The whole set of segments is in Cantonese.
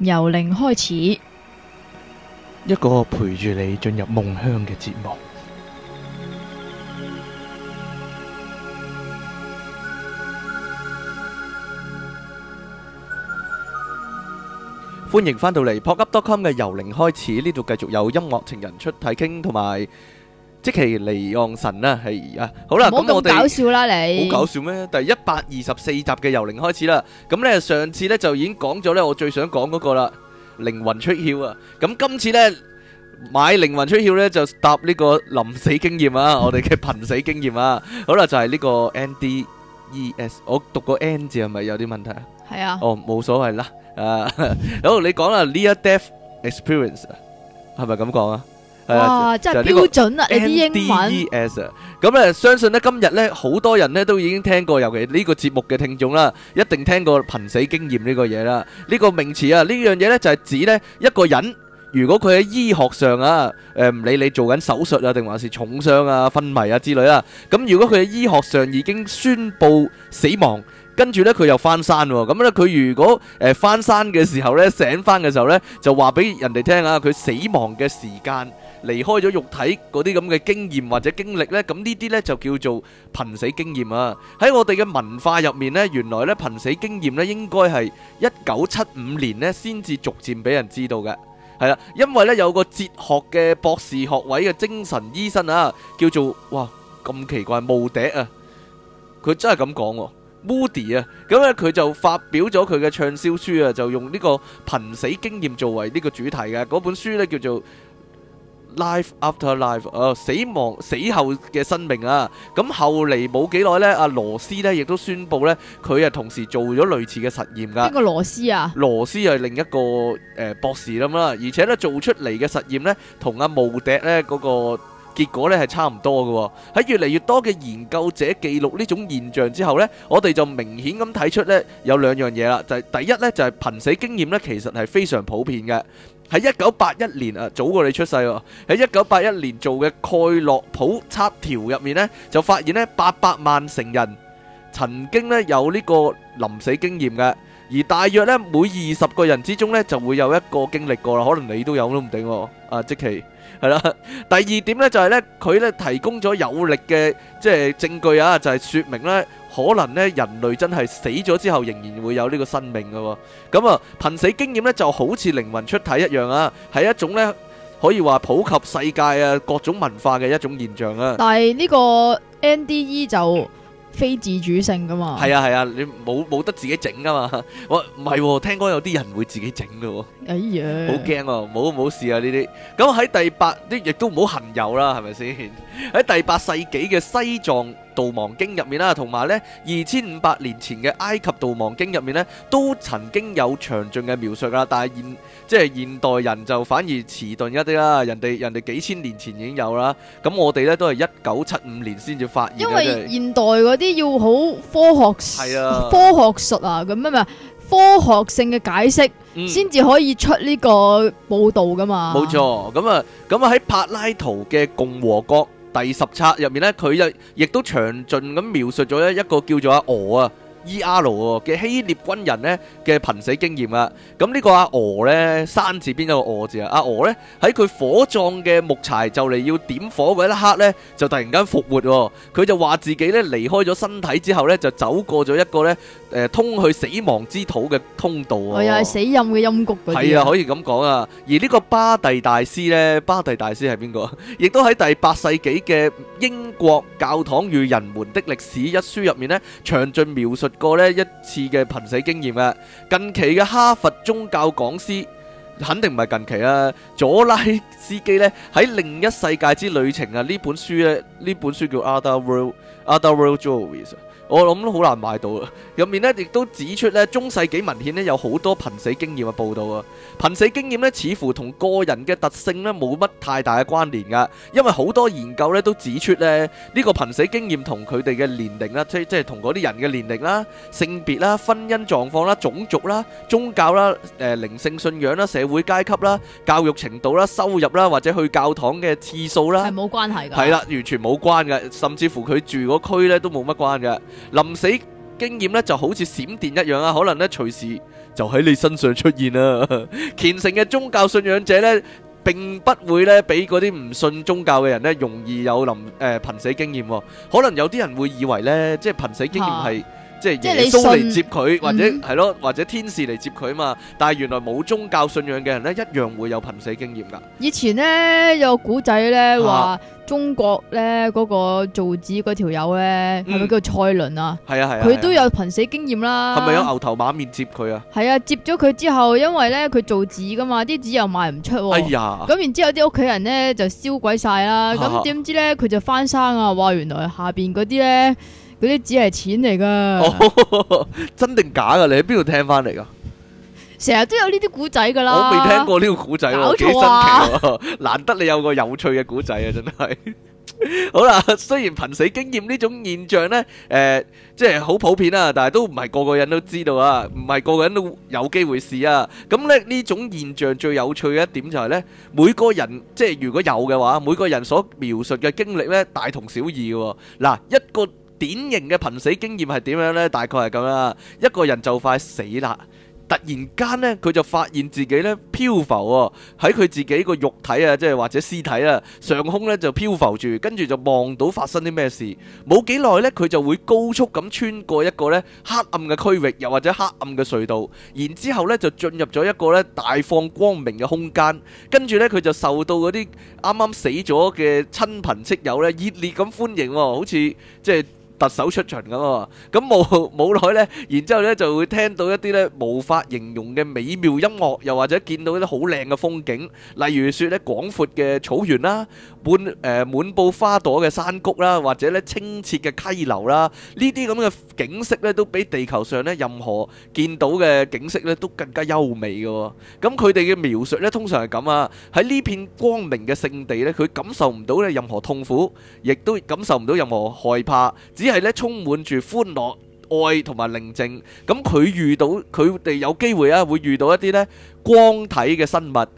由零開始，一個陪住你進入夢鄉嘅節目。歡迎返到嚟 popdotcom 嘅由零開始，呢度繼續有音樂情人出體傾同埋。即其離岸神啦，係啊，好啦，咁我哋好搞笑啦，你好搞笑咩？第一百二十四集嘅由零開始啦，咁咧上次咧就已經講咗咧，我最想講嗰個啦，靈魂出竅啊，咁今次咧買靈魂出竅咧就搭呢個臨死經驗啊，我哋嘅瀕死經驗啊，好啦，就係呢個 N D E S，我讀個 N 字係咪有啲問題啊？係啊，哦，冇所謂啦，誒，好，你講啦，near death experience 係咪咁講啊？哇！真係標準啊！你啲英文咁咧，相信咧今日咧，好多人咧都已經聽過，尤其呢個節目嘅聽眾啦，一定聽過瀕死經驗呢個嘢啦。呢個名詞啊，呢樣嘢咧就係指咧一個人，如果佢喺醫學上啊，誒唔理你做緊手術啊，定還是重傷啊、昏迷啊之類啦，咁如果佢喺醫學上已經宣布死亡，跟住咧佢又返生喎，咁咧佢如果誒返生嘅時候咧醒返嘅時候咧，就話俾人哋聽啊，佢死亡嘅時間，離開咗肉體嗰啲咁嘅經驗或者經歷咧，咁呢啲咧就叫做瀕死經驗啊！喺我哋嘅文化入面咧，原來咧瀕死經驗咧應該係一九七五年咧先至逐漸俾人知道嘅。係啦，因為咧有個哲學嘅博士學位嘅精神醫生啊，叫做哇咁奇怪，無敵啊，佢真係咁講，Moody 啊，咁咧佢就發表咗佢嘅暢銷書啊，就用呢個瀕死經驗作為呢個主題嘅嗰本書咧叫做。Life after life，啊、oh，死亡死後嘅生命啊，咁後嚟冇幾耐呢，阿羅斯呢亦都宣布呢，佢啊同時做咗類似嘅實驗噶。一個羅斯啊？羅斯又係另一個誒、呃、博士咁啦，而且呢，做出嚟嘅實驗呢，同阿慕笛呢嗰個結果呢係差唔多噶。喺越嚟越多嘅研究者記錄呢種現象之後呢，我哋就明顯咁睇出呢，有兩樣嘢啦，就係、是、第一呢，就係瀕死經驗呢，其實係非常普遍嘅。喺一九八一年啊，早過你出世喎。喺一九八一年做嘅蓋洛普測條入面呢，就發現咧八百萬成人曾經咧有呢個臨死經驗嘅，而大約咧每二十個人之中呢，就會有一個經歷過啦。可能你都有都唔定喎，啊啊，即其。係啦， 第二點呢，就係呢，佢呢提供咗有力嘅，即係證據啊，就係說明呢，可能呢人類真係死咗之後仍然會有呢個生命噶，咁啊瀕死經驗呢，就好似靈魂出體一樣啊，係一種呢可以話普及世界啊各種文化嘅一種現象啊。但係呢個 NDE 就。非自主性噶嘛、啊？係啊係啊，你冇冇得自己整噶嘛？我唔係聽講有啲人會自己整噶喎，哎呀，好驚啊！冇冇事啊呢啲。咁喺第八啲亦都唔好行遊啦，係咪先？喺第八世紀嘅西藏，道亡經入面啦，同埋咧二千五百年前嘅埃及道亡經入面咧，都曾經有詳盡嘅描述噶。但係現即係現代人就反而遲鈍一啲啦。人哋人哋幾千年前已經有啦，咁我哋咧都係一九七五年先至發現。因為現代嗰啲要好科學，係啊，科學術啊，咁啊咪科學性嘅解釋，先至可以出呢個報道噶嘛。冇錯，咁啊，咁啊喺柏拉圖嘅《共和國》。第十冊入面呢，佢又亦都詳盡咁描述咗一個叫做阿娥啊，E.R. 嘅希臘軍人咧嘅瀕死經驗啦，咁呢個阿俄咧，山字邊一個俄字啊？阿俄咧喺佢火葬嘅木柴就嚟要點火嗰一刻咧，就突然間復活，佢就話自己咧離開咗身體之後咧，就走過咗一個咧誒通去死亡之土嘅通道啊！我又係死陰嘅陰谷嗰啲。係啊，可以咁講啊。而呢個巴蒂大師咧，巴蒂大師係邊個？亦都喺第八世紀嘅英國教堂與人們的歷史一書入面咧，詳盡描述。過呢一次嘅瀕死經驗啊！近期嘅哈佛宗教講師，肯定唔係近期啦。佐拉斯基呢，喺《另一世界之旅程》啊，呢本書呢，呢本書叫《Other World》，《Other World Journeys》。我諗都好難買到啦。入面咧亦都指出咧，中世紀文獻咧有好多瀕死經驗嘅報道啊。瀕死經驗咧似乎同個人嘅特性咧冇乜太大嘅關聯㗎，因為好多研究咧都指出咧，呢個瀕死經驗同佢哋嘅年齡啦，即即係同嗰啲人嘅年齡啦、性別啦、婚姻狀況啦、種族啦、宗教啦、誒靈性信仰啦、社會階級啦、教育程度啦、收入啦或者去教堂嘅次數啦，係冇關係㗎。係啦，完全冇關嘅，甚至乎佢住嗰區咧都冇乜關嘅。臨死經驗咧就好似閃電一樣啊，可能咧隨時就喺你身上出現啦。 虔誠嘅宗教信仰者咧，並不會咧俾嗰啲唔信宗教嘅人咧容易有臨誒瀕死經驗哦。可能有啲人會以為咧，即係瀕死經驗係。即係耶穌嚟接佢，嗯、或者係咯，或者天使嚟接佢啊嘛！但係原來冇宗教信仰嘅人咧，一樣會有瀕死經驗噶。以前咧有古仔咧話，啊、中國咧嗰、那個造紙嗰條友咧，係咪叫蔡倫啊？係啊係啊，佢都有瀕死經驗啦。係咪有牛頭馬面接佢啊？係啊，接咗佢之後，因為咧佢造紙噶嘛，啲紙又賣唔出，啊。哎呀！咁然之後啲屋企人咧就燒鬼晒啦。咁點知咧佢就翻生啊？話原來下邊嗰啲咧。嗯嗰啲只係錢嚟，噶，真定假噶？你喺邊度聽翻嚟噶？成日都有呢啲古仔噶啦。我未聽過呢個古仔，好新奇，難得你有個有趣嘅古仔啊！真係好啦。雖然瀕死經驗呢種現象咧，誒，即係好普遍啊，但係都唔係個個人都知道啊，唔係個個人都有機會試啊。咁咧呢種現象最有趣嘅一點就係咧，每個人即係如果有嘅話，每個人所描述嘅經歷咧，大同小異噶。嗱一個。典型嘅瀕死經驗係點樣咧？大概係咁啦，一個人就快死啦，突然間咧，佢就發現自己咧漂浮喎，喺佢自己個肉體啊，即係或者屍體啊上空咧就漂浮住，跟住就望到發生啲咩事。冇幾耐咧，佢就會高速咁穿過一個咧黑暗嘅區域，又或者黑暗嘅隧道，然之後咧就進入咗一個咧大放光明嘅空間，跟住咧佢就受到嗰啲啱啱死咗嘅親朋戚友咧熱烈咁歡迎，好似即係，特首出巡咁啊，咁冇冇耐咧，然之後咧就會聽到一啲咧無法形容嘅美妙音樂，又或者見到啲好靚嘅風景，例如説咧廣闊嘅草原啦，滿誒滿布花朵嘅山谷啦，或者咧清澈嘅溪流啦，呢啲咁嘅景色咧都比地球上咧任何見到嘅景色咧都更加優美嘅喎。咁佢哋嘅描述咧通常係咁啊，喺呢片光明嘅聖地咧，佢感受唔到咧任何痛苦，亦都感受唔到任何害怕，只即係咧充滿住歡樂、愛同埋寧靜，咁佢遇到佢哋有機會啊，會遇到一啲咧光體嘅生物。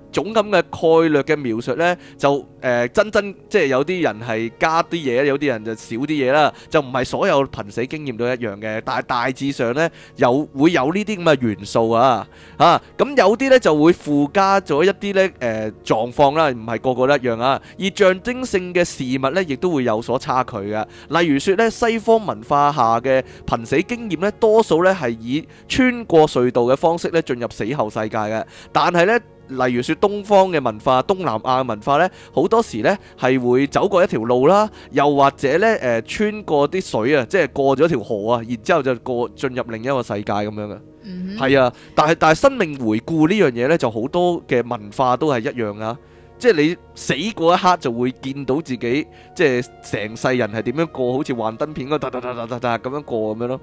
總咁嘅概略嘅描述呢，就誒、呃、真真即係有啲人係加啲嘢，有啲人就少啲嘢啦，就唔係所有瀕死經驗都一樣嘅，但係大致上呢，有會有呢啲咁嘅元素啊，啊咁有啲呢，就會附加咗一啲呢誒狀況啦，唔係個個都一樣啊。而象徵性嘅事物呢，亦都會有所差距嘅。例如說呢，西方文化下嘅瀕死經驗呢，多數呢係以穿過隧道嘅方式呢進入死後世界嘅，但係呢。例如說東方嘅文化、東南亞嘅文化呢，好多時呢係會走過一條路啦，又或者呢，誒穿過啲水啊，即係過咗條河啊，然之後就過進入另一個世界咁樣嘅，係啊。但係但係生命回顧呢樣嘢呢，就好多嘅文化都係一樣啊，即係你死嗰一刻就會見到自己，即係成世人係點樣過，好似幻燈片嗰咁樣過咁樣咯。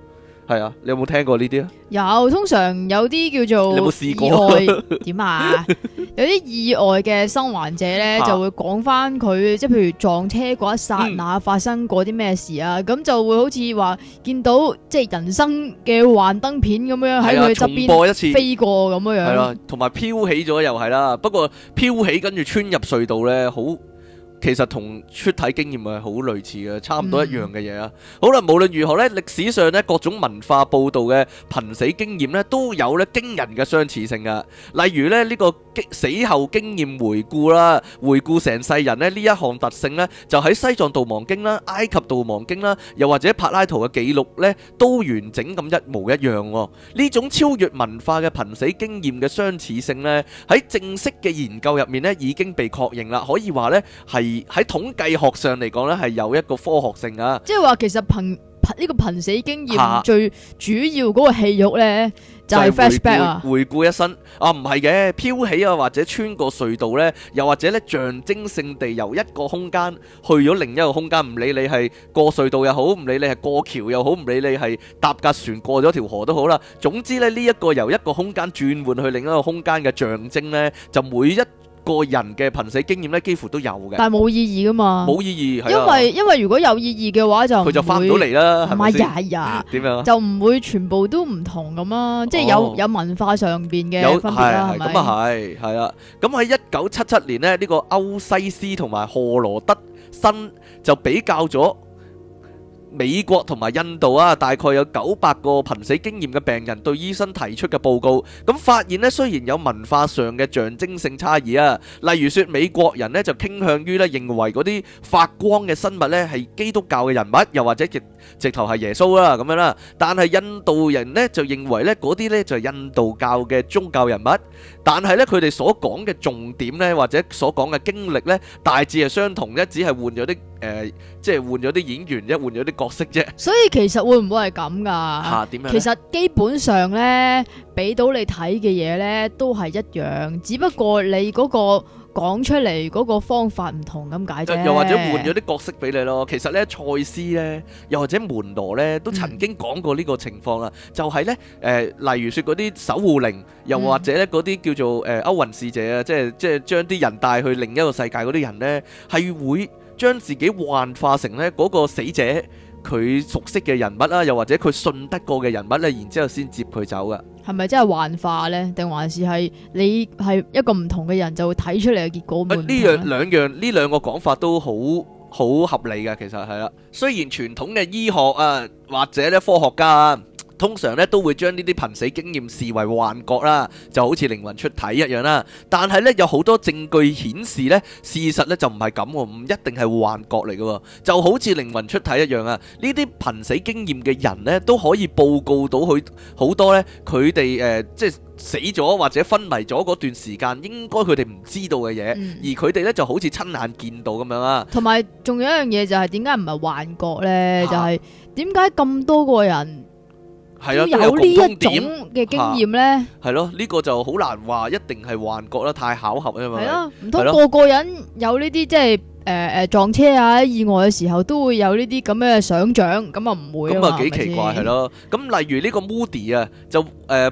係啊，你有冇聽過呢啲啊？有通常有啲叫做冇意外點啊， 有啲意外嘅生還者咧，啊、就會講翻佢即係譬如撞車嗰一剎那發生過啲咩事啊，咁、嗯、就會好似話見到即係人生嘅幻燈片咁樣喺佢側邊重播一次，飛過咁樣樣，係啦，啊，同埋飄起咗又係啦。不過飄起跟住穿入隧道咧，好。其實同出體經驗係好類似嘅，差唔多一樣嘅嘢啊！好啦，無論如何咧，歷史上咧各種文化報道嘅瀕死經驗咧，都有咧驚人嘅相似性噶。例如咧呢個經死後經驗回顧啦，回顧成世人咧呢一項特性咧，就喺西藏度亡經啦、埃及度亡經啦，又或者柏拉圖嘅記錄咧，都完整咁一模一樣喎。呢種超越文化嘅瀕死經驗嘅相似性咧，喺正式嘅研究入面咧已經被確認啦，可以話咧係。而喺統計學上嚟講咧，係有一個科學性啊！即係話，其實憑憑呢個瀕死經驗，最主要嗰個戲肉咧就係 flashback 啊！回顧一生啊，唔係嘅飄起啊，或者穿過隧道咧，又或者咧象徵性地由一個空間去咗另一個空間，唔理你係過隧道又好，唔理你係過橋又好，唔理你係搭架船過咗條河都好啦。總之咧，呢一個由一個空間轉換去另一個空間嘅象徵咧，就每一。個人嘅瀕死經驗咧，幾乎都有嘅。但係冇意義㗎嘛。冇意義。因為因為如果有意義嘅話，就佢就翻唔到嚟啦，係咪先？點樣？就唔會全部都唔同咁啦，哦、即係有有文化上面嘅分別啦，係咪？咁啊係，係啦。咁喺一九七七年咧，呢、這個歐西斯同埋賀羅德新就比較咗。美國同埋印度啊，大概有九百個瀕死經驗嘅病人對醫生提出嘅報告，咁發現咧，雖然有文化上嘅象徵性差異啊，例如說美國人咧就傾向於咧認為嗰啲發光嘅生物咧係基督教嘅人物，又或者直直頭係耶穌啦咁樣啦，但係印度人咧就認為咧嗰啲咧就係印度教嘅宗教人物。但係咧，佢哋所講嘅重點咧，或者所講嘅經歷咧，大致係相同啫，只係換咗啲誒，即係換咗啲演員啫，換咗啲角色啫。所以其實會唔會係咁噶？嚇、啊，點樣？其實基本上咧，俾到你睇嘅嘢咧都係一樣，只不過你嗰個，講出嚟嗰個方法唔同，咁解，又或者換咗啲角色俾你咯。其實咧，賽斯呢，又或者門羅呢，都曾經講過呢個情況啦。嗯、就係呢，誒、呃，例如說嗰啲守護靈，又或者呢嗰啲叫做誒歐云使者啊，即係即係將啲人帶去另一個世界嗰啲人呢，係會將自己幻化成呢嗰個死者佢熟悉嘅人物啦，又或者佢信得過嘅人物呢，然之後先接佢走噶。係咪真係幻化呢？定還是係你係一個唔同嘅人就會睇出嚟嘅結果呢？呃、樣兩樣呢兩個講法都好好合理嘅，其實係啦。雖然傳統嘅醫學啊，或者咧科學家通常咧都會將呢啲瀕死經驗視為幻覺啦，就好似靈魂出體一樣啦。但係咧有好多證據顯示咧，事實咧就唔係咁喎，唔一定係幻覺嚟嘅，就好似靈魂出體一樣啊！呢啲瀕死經驗嘅人咧都可以報告到佢好多咧，佢哋誒即係死咗或者昏迷咗嗰段時間，應該佢哋唔知道嘅嘢，而佢哋咧就好似親眼見到咁樣啦。同埋仲有一樣嘢就係點解唔係幻覺咧？就係點解咁多個人？係對啊，有呢一種嘅經驗咧，係咯，呢個就好難話一定係幻覺啦，太巧合啊嘛，係咯，唔通個個人了有呢啲即係。就是誒誒，撞車啊！意外嘅時候都會有呢啲咁嘅想象，咁啊唔會啊嘛，咁啊幾奇怪係咯。咁例如呢個 Moody 啊，就誒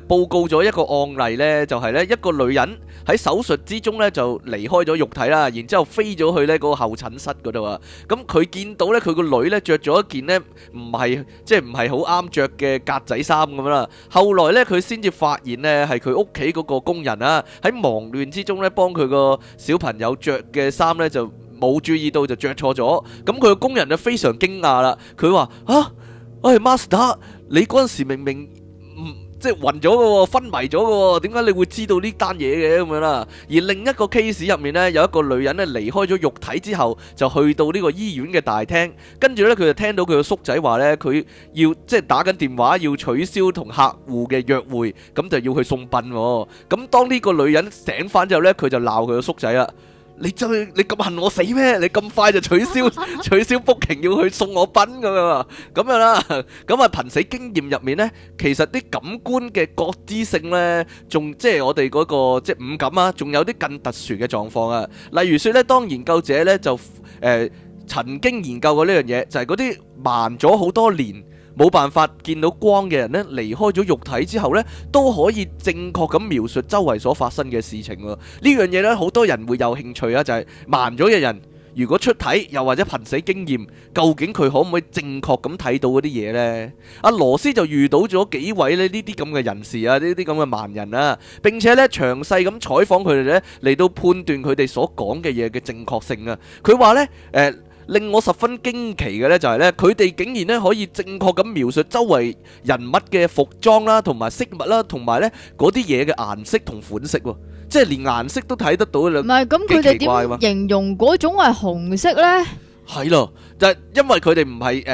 報告咗一個案例咧，就係咧一個女人喺手術之中咧就離開咗肉體啦，然之後飛咗去咧嗰個候診室嗰度啊。咁佢見到咧佢個女咧着咗一件咧唔係即係唔係好啱着嘅格仔衫咁樣啦。後來咧佢先至發現咧係佢屋企嗰個工人啊喺忙亂之中咧幫佢個小朋友着嘅衫咧就。冇注意到就着錯咗，咁佢個工人就非常驚訝啦。佢話：嚇、啊，哎，Master，你嗰陣時明明即係暈咗嘅喎，昏迷咗嘅喎，點解你會知道呢單嘢嘅咁樣啦？而另一個 case 入面呢，有一個女人咧離開咗肉體之後，就去到呢個醫院嘅大廳，跟住呢，佢就聽到佢個叔仔話呢，佢要即係打緊電話要取消同客戶嘅約會，咁就要去送殯喎。咁當呢個女人醒翻之後呢，佢就鬧佢個叔仔啦。你再你咁恨我死咩？你咁快就取消 取消 booking 要去送我殯咁樣啊？咁樣啦，咁啊瀕死經驗入面呢。其實啲感官嘅覺知性呢，仲即係我哋嗰、嗰個即係五感啊，仲有啲更特殊嘅狀況啊。例如說呢，當研究者呢，就、呃、誒曾經研究過呢樣嘢，就係嗰啲盲咗好多年，冇辦法見到光嘅人咧，離開咗肉體之後咧，都可以正確咁描述周圍所發生嘅事情喎。呢樣嘢咧，好多人會有興趣啊。就係盲咗嘅人，如果出體又或者瀕死經驗，究竟佢可唔可以正確咁睇到嗰啲嘢呢？阿、啊、羅斯就遇到咗幾位咧呢啲咁嘅人士啊，呢啲咁嘅盲人啊，並且呢詳細咁採訪佢哋呢，嚟到判斷佢哋所講嘅嘢嘅正確性啊。佢話呢。誒、呃。令我十分驚奇嘅咧，就係咧佢哋竟然咧可以正確咁描述周圍人物嘅服裝啦，同埋飾物啦，同埋咧嗰啲嘢嘅顏色同款式喎，即係連顏色都睇得到喇，唔係，噉佢哋喎！點形容嗰種係紅色咧？係咯，就係，因為佢哋唔係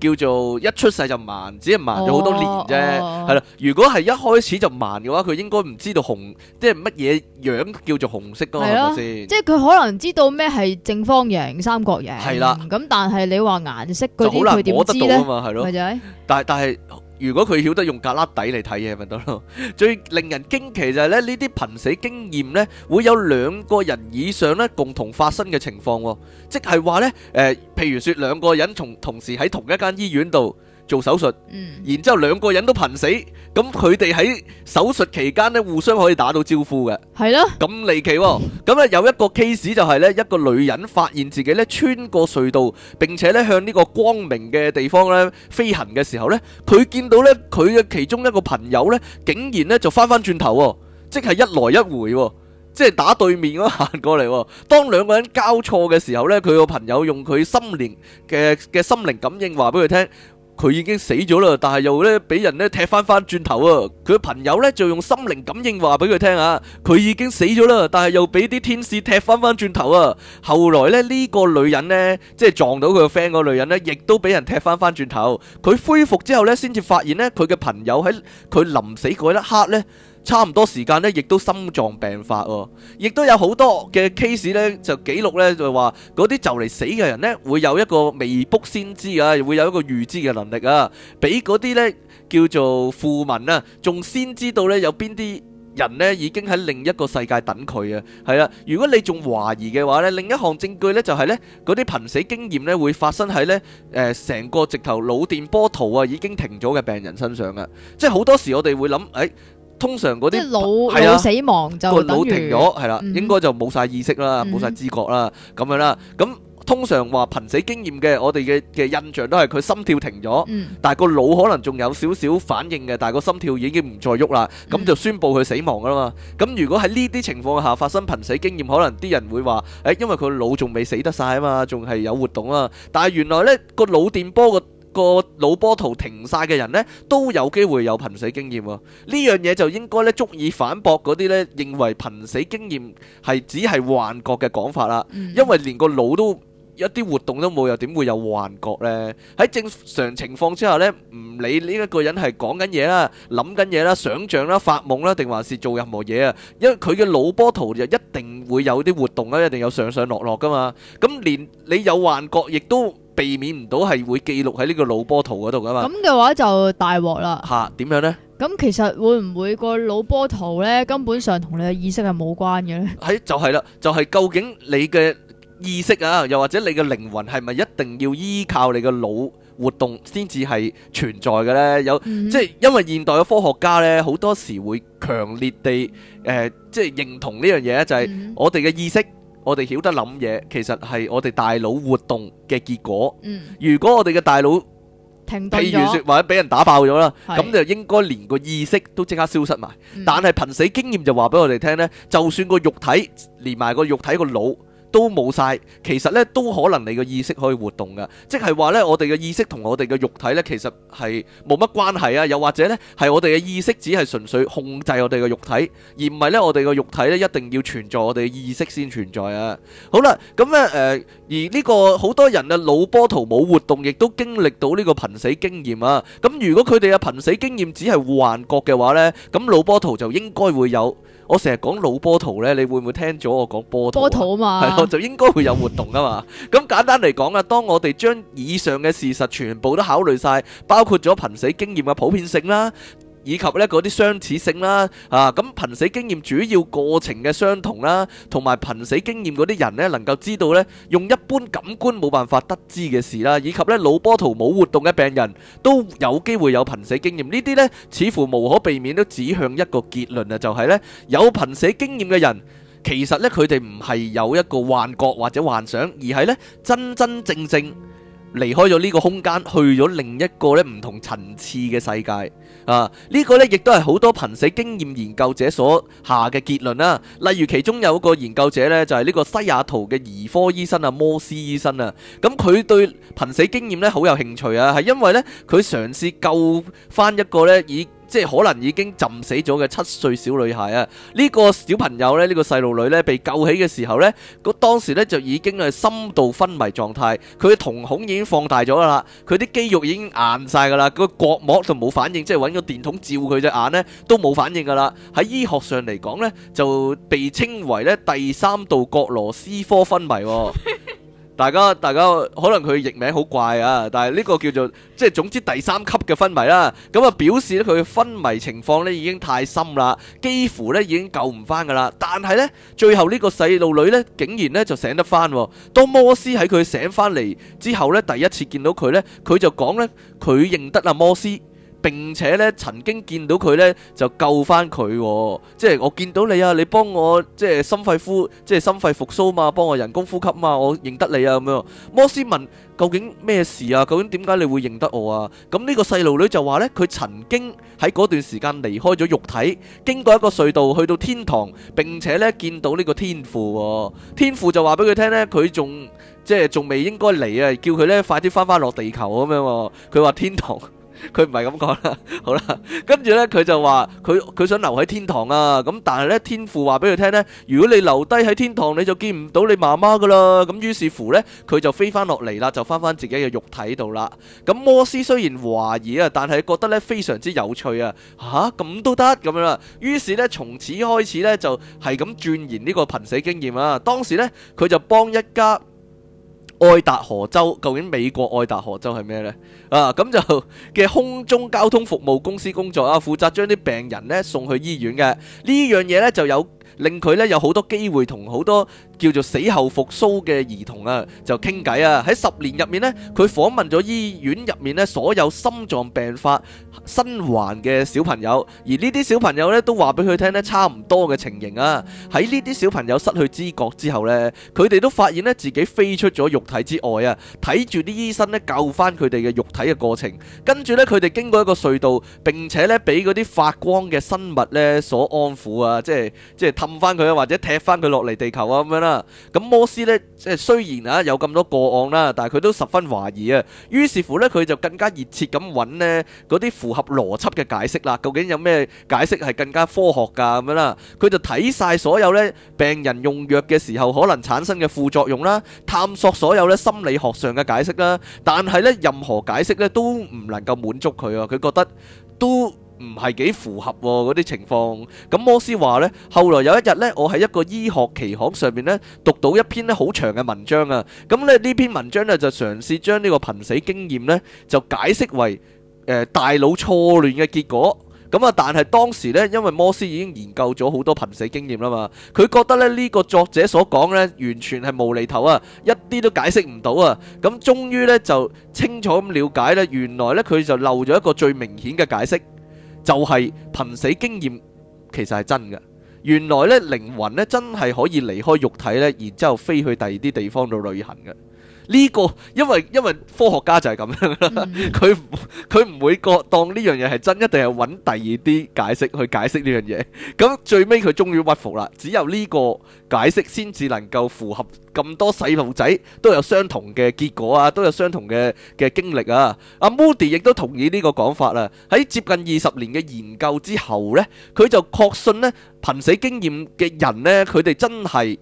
誒叫做一出世就盲，只係盲咗好多年啫。係啦，哦哦，如果係一開始就盲嘅話，佢應該唔知道紅即係乜嘢樣叫做紅色咯，係咪先？吧即係佢可能知道咩係正方形、三角形，係啦了。咁但係你話顏色嗰啲，佢點知嘛。係咯了的，但係但係。如果佢曉得用格拉底嚟睇嘢咪得咯？最令人驚奇就係咧，呢啲瀕死經驗咧，會有兩個人以上咧共同發生嘅情況，即係話咧誒，譬如說兩個人從同，同時喺同一間醫院度。做手術，嗯，然之後，兩個人都瀕死，咁佢哋喺手術期間咧，互相可以打到招呼嘅，係咯，咁離奇。咁咧有一個 case 就係咧，一個女人發現自己咧穿過隧道，並且咧向呢個光明嘅地方咧飛行嘅時候咧，佢見到咧佢嘅其中一個朋友咧，竟然咧就返返轉頭，即係一來一回，即係打對面咁行過嚟。當兩個人交錯嘅時候咧，佢個朋友用佢心靈嘅嘅心靈感應話俾佢聽。佢已經死咗啦，但係又咧俾人咧踢翻翻轉頭啊！佢朋友咧就用心靈感應話俾佢聽啊，佢已經死咗啦，但係又俾啲天使踢翻翻轉頭啊！後來咧呢個女人呢，即係撞到佢個 friend 個女人呢，亦都俾人踢翻翻轉頭。佢恢復之後呢，先至發現呢，佢嘅朋友喺佢臨死嗰一刻呢。差唔多時間咧，亦都心臟病發喎，亦都有好多嘅 case 咧，就記錄咧就話嗰啲就嚟死嘅人咧，會有一個未卜先知啊，會有一個預知嘅能力啊，俾嗰啲咧叫做富民啊，仲先知道咧有邊啲人咧已經喺另一個世界等佢啊。係啦，如果你仲懷疑嘅話咧，另一項證據咧就係咧嗰啲瀕死經驗咧會發生喺咧誒成個直頭腦電波圖啊已經停咗嘅病人身上啊，即係好多時我哋會諗誒。通常嗰啲，腦係啊，死亡就，個腦停咗，係啦、嗯，應該就冇晒意識啦，冇晒、嗯、知覺啦，咁樣啦。咁通常話瀕死經驗嘅，我哋嘅嘅印象都係佢心跳停咗、嗯，但係個腦可能仲有少少反應嘅，但係個心跳已經唔再喐啦，咁就宣布佢死亡噶啦嘛。咁、嗯、如果喺呢啲情況下發生瀕死經驗，可能啲人會話，誒、哎，因為佢腦仲未死得晒啊嘛，仲係有活動啊。但係原來咧個腦電波個。個腦波圖停曬嘅人咧，都有機會有瀕死經驗喎。呢樣嘢就應該咧足以反駁嗰啲咧認為瀕死經驗係只係幻覺嘅講法啦。因為連個腦都一啲活動都冇，又點會有幻覺咧？喺正常情況之下咧，唔理呢一個人係講緊嘢啦、諗緊嘢啦、想像啦、發夢啦，定還是做任何嘢啊？因為佢嘅腦波圖就一定會有啲活動啦，一定有上上落落㗎嘛。咁連你有幻覺，亦都。避免唔到係會記錄喺呢個腦波圖嗰度㗎嘛？咁嘅話就大鑊啦！吓、啊，點樣呢？咁其實會唔會個腦波圖呢？根本上同你嘅意識係冇關嘅呢？係 就係啦，就係、是、究竟你嘅意識啊，又或者你嘅靈魂係咪一定要依靠你嘅腦活動先至係存在嘅呢？有、mm hmm. 即係因為現代嘅科學家呢，好多時會強烈地誒、呃、即係認同呢樣嘢就係、是、我哋嘅意識。Mm hmm. 我哋曉得諗嘢，其實係我哋大腦活動嘅結果。嗯、如果我哋嘅大腦譬如説或者俾人打爆咗啦，咁是就應該連個意識都即刻消失埋。嗯、但係瀕死經驗就話俾我哋聽呢就算個肉體連埋個肉體個腦都冇晒，其實呢都可能你嘅意識可以活動嘅，即係話呢，我哋嘅意識同我哋嘅肉體呢，其實係冇乜關係啊，又或者呢，係我哋嘅意識只係純粹控制我哋嘅肉體，而唔係呢，我哋嘅肉體呢一定要存在我哋嘅意識先存在啊。好啦，咁呢，誒，而呢個好多人嘅腦波圖冇活動，亦都經歷到呢個瀕死經驗啊。咁如果佢哋嘅瀕死經驗只係幻覺嘅話呢，咁腦波圖就應該會有。我成日講腦波圖呢，你會唔會聽咗我講波圖？波圖啊嘛，就應該會有活動啊嘛。咁簡單嚟講啊，當我哋將以上嘅事實全部都考慮晒，包括咗瀕死經驗嘅普遍性啦。以及呢嗰啲相似性啦，啊咁瀕死經驗主要過程嘅相同啦，同埋瀕死經驗嗰啲人呢能夠知道呢用一般感官冇辦法得知嘅事啦，以及呢腦波圖冇活動嘅病人都有機會有瀕死經驗，呢啲呢似乎無可避免都指向一個結論啊，就係呢有瀕死經驗嘅人其實呢佢哋唔係有一個幻覺或者幻想，而係呢真真正正離開咗呢個空間去咗另一個呢唔同層次嘅世界。啊！呢，這個呢，亦都係好多瀕死經驗研究者所下嘅結論啦，啊。例如其中有一個研究者呢，就係、是，呢個西雅圖嘅兒科醫生啊，摩斯醫生啊。咁佢對瀕死經驗呢，好有興趣啊，係因為呢，佢嘗試救返一個呢。以。即係可能已經浸死咗嘅七歲小女孩啊！呢個小朋友咧，呢個細路女咧，被救起嘅時候咧，個當時咧就已經係深度昏迷狀態，佢嘅瞳孔已經放大咗噶啦，佢啲肌肉已經硬曬噶啦，個角膜就冇反應，即係揾個電筒照佢隻眼咧都冇反應噶啦。喺醫學上嚟講咧，就被稱為咧第三度角羅斯科昏迷。大家大家可能佢譯名好怪啊，但係呢個叫做即係總之第三級嘅昏迷啦。咁啊表示咧佢昏迷情況咧已經太深啦，幾乎咧已經救唔翻噶啦。但係呢最後呢個細路女呢，竟然呢就醒得翻。當摩斯喺佢醒翻嚟之後呢，第一次見到佢呢，佢就講呢佢認得阿摩斯。並且咧，曾經見到佢咧，就救翻佢，即係我見到你啊，你幫我即係心肺呼，即係心肺復甦嘛，幫我人工呼吸嘛，我認得你啊咁樣。摩斯問究竟咩事啊？究竟點解你會認得我啊？咁呢個細路女就話咧，佢曾經喺嗰段時間離開咗肉體，經過一個隧道去到天堂，並且咧見到呢個天父。天父就話俾佢聽咧，佢仲即係仲未應該嚟啊，叫佢咧快啲翻翻落地球咁樣。佢話天堂。佢唔係咁講啦，好啦，跟住呢，佢就話佢佢想留喺天堂啊，咁但係呢，天父話俾佢聽呢：「如果你留低喺天堂，你就見唔到你媽媽噶啦。」咁於是乎呢，佢就飛翻落嚟啦，就翻翻自己嘅肉體度啦。咁摩斯雖然懷疑啊，但係覺得呢非常之有趣啊，吓，咁都得咁樣啦。於是呢，從此開始呢，就係咁鑽研呢個瀕死經驗啊。當時呢，佢就幫一家。愛達荷州，究竟美國愛達荷州係咩呢？啊，咁就嘅空中交通服務公司工作啊，負責將啲病人呢送去醫院嘅。呢樣嘢呢就有。令佢咧有好多機會同好多叫做死後復甦嘅兒童啊，就傾偈啊！喺十年入面呢，佢訪問咗醫院入面呢所有心臟病發生還嘅小朋友，而呢啲小朋友呢都話俾佢聽呢差唔多嘅情形啊！喺呢啲小朋友失去知覺之後呢，佢哋都發現呢自己飛出咗肉體之外啊！睇住啲醫生呢救翻佢哋嘅肉體嘅過程，跟住呢佢哋經過一個隧道，並且呢俾嗰啲發光嘅生物呢所安撫啊！即係即係。冧翻佢啊，或者踢翻佢落嚟地球啊，咁樣啦。咁摩斯咧，即係雖然啊有咁多個案啦，但係佢都十分懷疑啊。於是乎咧，佢就更加熱切咁搵咧嗰啲符合邏輯嘅解釋啦。究竟有咩解釋係更加科學噶咁樣啦？佢就睇晒所有咧病人用藥嘅時候可能產生嘅副作用啦，探索所有咧心理學上嘅解釋啦。但係咧任何解釋咧都唔能夠滿足佢啊，佢覺得都。唔係幾符合嗰啲情況。咁摩斯話咧，後來有一日咧，我喺一個醫學期刊上面咧讀到一篇咧好長嘅文章啊。咁咧呢篇文章咧就嘗試將呢個瀕死經驗咧就解釋為誒大腦錯亂嘅結果。咁啊，但係當時咧，因為摩斯已經研究咗好多瀕死經驗啦嘛，佢覺得咧呢個作者所講咧完全係無厘頭啊，一啲都解釋唔到啊。咁終於咧就清楚咁了解咧，原來咧佢就漏咗一個最明顯嘅解釋。就係瀕死經驗，其實係真嘅。原來咧，靈魂咧真係可以離開肉體咧，然之後飛去第二啲地方度旅行嘅。呢、這個因為因為科學家就係咁樣，佢佢唔會覺當呢樣嘢係真，一定係揾第二啲解釋去解釋呢樣嘢。咁最尾佢終於屈服啦，只有呢個解釋先至能夠符合咁多細路仔都有相同嘅結果啊，都有相同嘅嘅經歷啊。阿 Moody 亦都同意呢個講法啦，啊。喺接近二十年嘅研究之後呢，佢就確信呢，瀕死經驗嘅人呢，佢哋真係。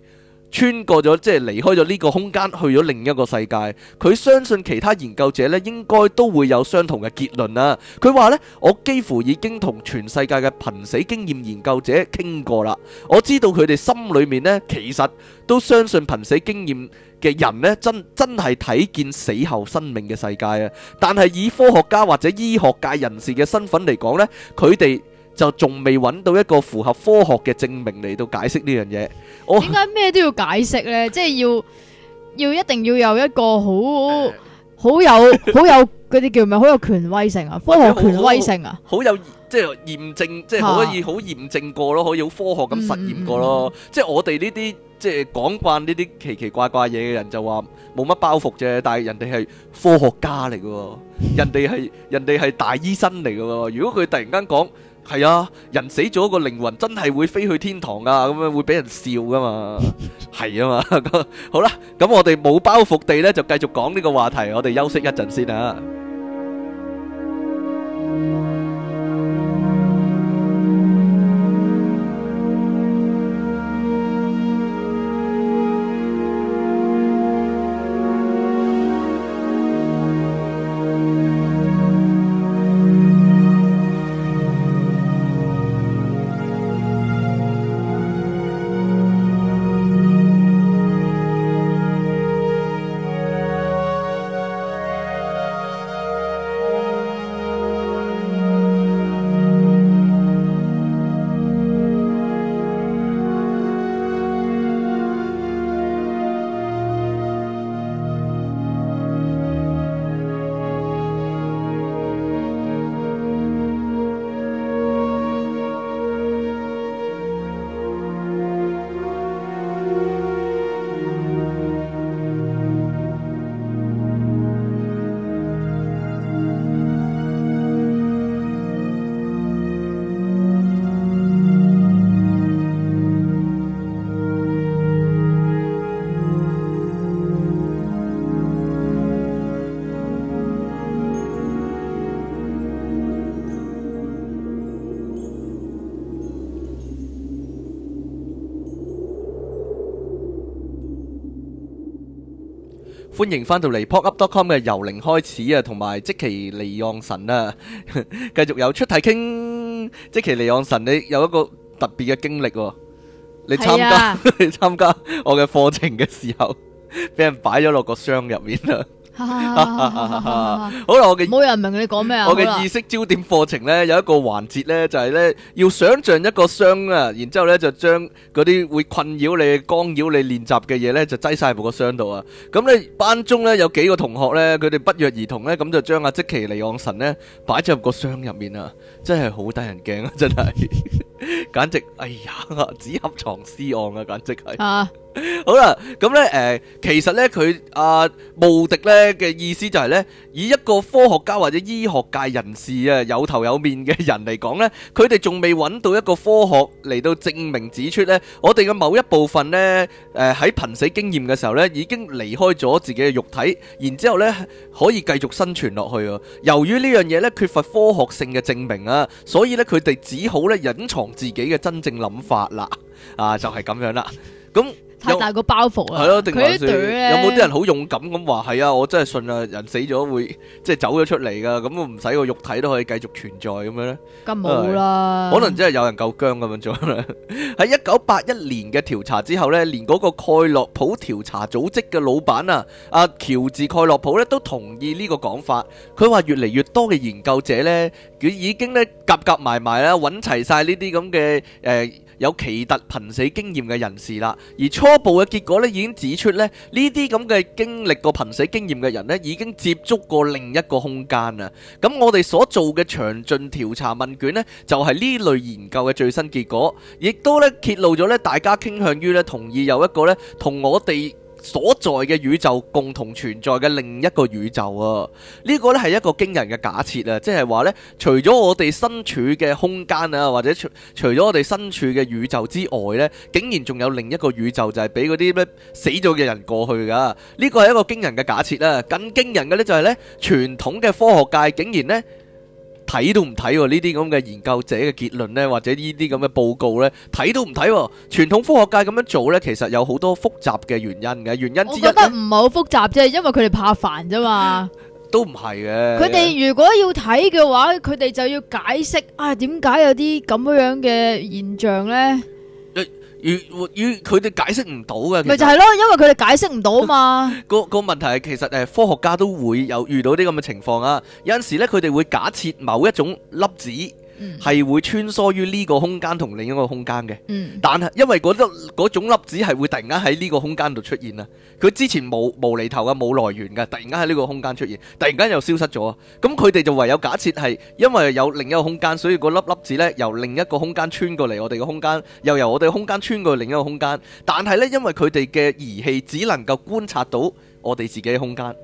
穿過咗即係離開咗呢個空間去咗另一個世界，佢相信其他研究者咧應該都會有相同嘅結論啦。佢話咧，我幾乎已經同全世界嘅瀕死經驗研究者傾過啦，我知道佢哋心裏面咧其實都相信瀕死經驗嘅人咧真真係睇見死後生命嘅世界啊。但係以科學家或者醫學界人士嘅身份嚟講咧，佢哋。就仲未揾到一個符合科學嘅證明嚟到解釋呢樣嘢。我點解咩都要解釋呢？即係要要一定要有一個好好有好有嗰啲叫咩好有權威性啊？科學權威性啊？好有即係驗證，即係可以好驗證過咯，可以好科學咁實驗過咯。即係我哋呢啲即係講慣呢啲奇奇怪怪嘢嘅人就話冇乜包袱啫，但係人哋係科學家嚟嘅，人哋係人哋係大醫生嚟嘅。如果佢突然間講。係啊，人死咗個靈魂真係會飛去天堂噶啊，咁樣會俾人笑噶嘛，係啊 的嘛。 好啦，咁我哋冇包袱地呢，就繼續講呢個話題。我哋休息一陣先啊。歡迎翻到嚟 Pop-up.com 嘅由零開始啊，同埋即其尼昂神啊，繼續有出題傾。即其尼昂神，你有一個特別嘅經歷，哦，你參加、啊、 你參加我嘅課程嘅時候，俾人擺咗落個箱入面啊！ 好啦，我嘅冇人明你講咩啊！ 我嘅意識焦點課程咧有一個環節咧，就係、是、咧要想象一個箱啊，然之後咧就將嗰啲會困擾你、干擾你練習嘅嘢咧，就擠晒入個箱度啊！咁咧班中咧有幾個同學咧，佢哋不約而同咧，咁就將阿即其尼昂神咧擺咗入個箱入面啊！真係好得人驚啊，真係。真 簡直哎呀，紙盒藏屍案啊，簡直係啊，好啦，咁呢，誒、呃，其實呢，佢阿無敵咧嘅意思就係呢：以一個科學家或者醫學界人士啊有頭有面嘅人嚟講呢，佢哋仲未揾到一個科學嚟到證明指出呢，我哋嘅某一部分呢，誒喺瀕死經驗嘅時候呢，已經離開咗自己嘅肉體，然之後咧可以繼續生存落去啊。由於呢樣嘢呢，缺乏科學性嘅證明啊，所以呢，佢哋只好呢隱藏。自己嘅真正諗法啦，啊，就係、是、咁樣啦。咁、嗯、 太大個包袱啊！係咯、嗯，定係有冇啲人好勇敢咁話？係啊，我真係信啊，人死咗會即係走咗出嚟噶，咁唔使個肉體都可以繼續存在咁樣呢？咁冇啦，可能真係有人夠僵咁樣做。喺一九八一年嘅調查之後呢，連嗰個蓋洛普調查組織嘅老闆啊，阿、啊、喬治蓋洛普呢都同意呢個講法。佢話越嚟越多嘅研究者呢。佢已經咧夾夾埋埋啦，揾齊晒呢啲咁嘅誒有奇特瀕死經驗嘅人士啦。而初步嘅結果咧已經指出咧，呢啲咁嘅經歷過瀕死經驗嘅人呢，已經接觸過另一個空間啦。咁我哋所做嘅詳盡調查問卷咧，就係呢類研究嘅最新結果，亦都咧揭露咗咧，大家傾向於咧同意有一個咧同我哋所在嘅宇宙共同存在嘅另一個宇宙啊！呢個咧係一個驚人嘅假設啊，即係話咧，除咗我哋身處嘅空間啊，或者除除咗我哋身處嘅宇宙之外咧，竟然仲有另一個宇宙，就係俾嗰啲咩死咗嘅人過去噶，呢個係一個驚人嘅假設啦，更驚人嘅咧就係咧，傳統嘅科學界竟然咧～睇都唔睇喎，呢啲咁嘅研究者嘅結論呢，或者呢啲咁嘅報告呢，睇都唔睇喎。傳統科學界咁樣做呢，其實有好多複雜嘅原因嘅，原因之一我覺得唔係好複雜啫，因為佢哋怕煩啫嘛。都唔係嘅，佢哋如果要睇嘅話，佢哋就要解釋啊，點解有啲咁樣嘅現象呢？如如佢哋解釋唔到嘅，咪就係咯，因為佢哋解釋唔到啊嘛。個 個問題係其實誒科學家都會有遇到啲咁嘅情況啊，有陣時咧佢哋會假設某一種粒子，係會穿梭於呢個空間同另一個空間嘅，但係因為嗰粒種粒子係會突然間喺呢個空間度出現啊。佢之前冇無，無厘頭嘅冇來源嘅，突然間喺呢個空間出現，突然間又消失咗啊！咁佢哋就唯有假設係因為有另一個空間，所以嗰粒粒子呢由另一個空間穿過嚟我哋嘅空間，又由我哋嘅空間穿過另一個空間，但係呢，因為佢哋嘅儀器只能夠觀察到我哋自己嘅空間。